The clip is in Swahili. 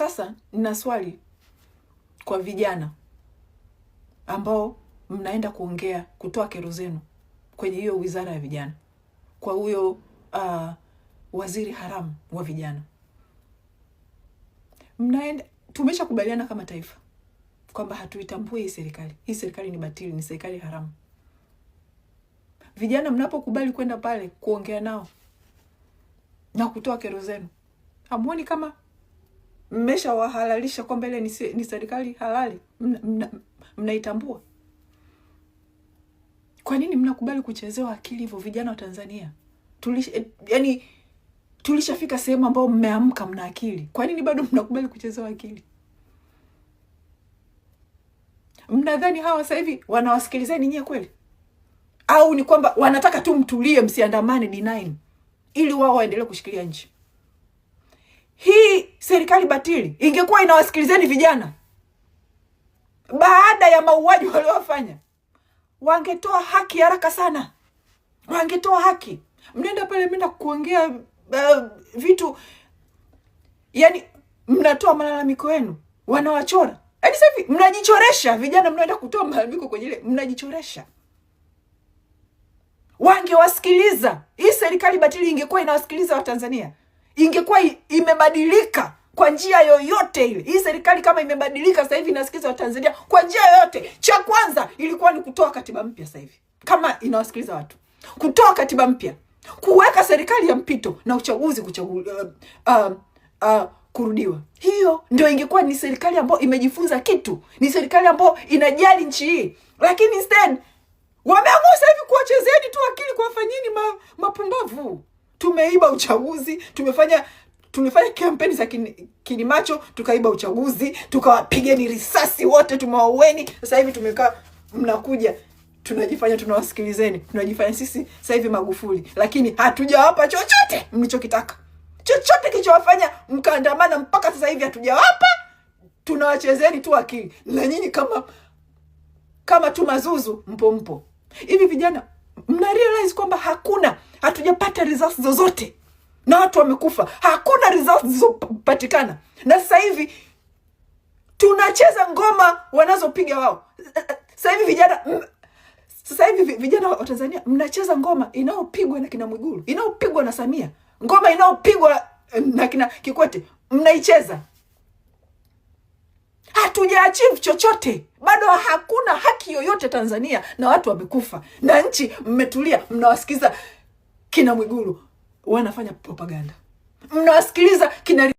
Sasa nina swali kwa vijana ambao mnaenda kuongea kutoa kero zenu kwenye hiyo wizara ya vijana, kwa huyo uh, waziri haramu wa vijana. Mnaenda, tumeshakubaliana kama taifa kwamba hatuitambui hii serikali. Hii serikali ni batili, ni serikali haramu. Vijana mnapokubali kwenda pale kuongea nao na kutoa kero zenu, hamuoni kama mmeshawahalalisha kwamba ile ni, ni serikali halali, mnaitambua mna, mna kwa nini mnakubali kuchezewa akili hivyo vijana wa Tanzania? Tulisha, eh, yani tulishafika sehemu ambayo mmeamka mna akili. Kwa nini bado mnakubali kuchezewa akili? Mnadhani hawa sasa hivi wanawasikilizeni nyie kweli, au ni kwamba wanataka tu mtulie, msiandamane D9 ili wao waendelee kushikilia nchi? Hii serikali batili ingekuwa inawasikilizeni vijana, baada ya mauaji waliofanya, wangetoa haki haraka sana, wangetoa haki. Mnaenda pale, mnaenda kuongea uh, eh, vitu yani, mnatoa malalamiko yenu, wanawachora yani sahivi, mnajichoresha vijana, mnaenda kutoa malalamiko kwenye ile, mnajichoresha. Wangewasikiliza, hii serikali batili ingekuwa inawasikiliza Watanzania ingekuwa imebadilika kwa njia yoyote ile. Hii serikali kama imebadilika sasa hivi inasikiliza Watanzania kwa njia yoyote, cha kwanza ilikuwa ni kutoa katiba mpya. Sasa hivi kama inawasikiliza watu, kutoa katiba mpya, kuweka serikali ya mpito na uchaguzi kuchagu, uh, uh, uh, kurudiwa. Hiyo ndio ingekuwa ni serikali ambayo imejifunza kitu, ni serikali ambayo inajali nchi hii, lakini instead wameamua sasa hivi kuwachezeeni tu akili, kuwafanyeni mapumbavu tumeiba uchaguzi, tumefanya tulifanya kampeni za kin, Kilimacho, tukaiba uchaguzi, tukawapigeni risasi wote, tumewaueni. Sasa hivi tumekaa mnakuja tunajifanya tunawasikilizeni, tunajifanya sisi sasa hivi Magufuli, lakini hatujawapa chochote mlichokitaka, chochote kilichowafanya mkaandamana mpaka sasa hivi hatujawapa. Tunawachezeni tu akili, na nyinyi kama kama tu mazuzu, mpo mpo hivi. Vijana mna realize kwamba hakuna hatujapata results zozote na watu wamekufa, hakuna results zilizopatikana. Na sasa hivi tunacheza ngoma wanazopiga wao. Sasa hivi vijana sasa hivi vijana wa Tanzania mnacheza ngoma inayopigwa na kina Mwigulu, inayopigwa na Samia, ngoma inayopigwa eh, na kina Kikwete, mnaicheza. Hatuja chochote bado, hakuna haki yoyote Tanzania, na watu wamekufa na nchi mmetulia, mnawasikiza kina Mwigulu wanafanya propaganda, mnawasikiliza kina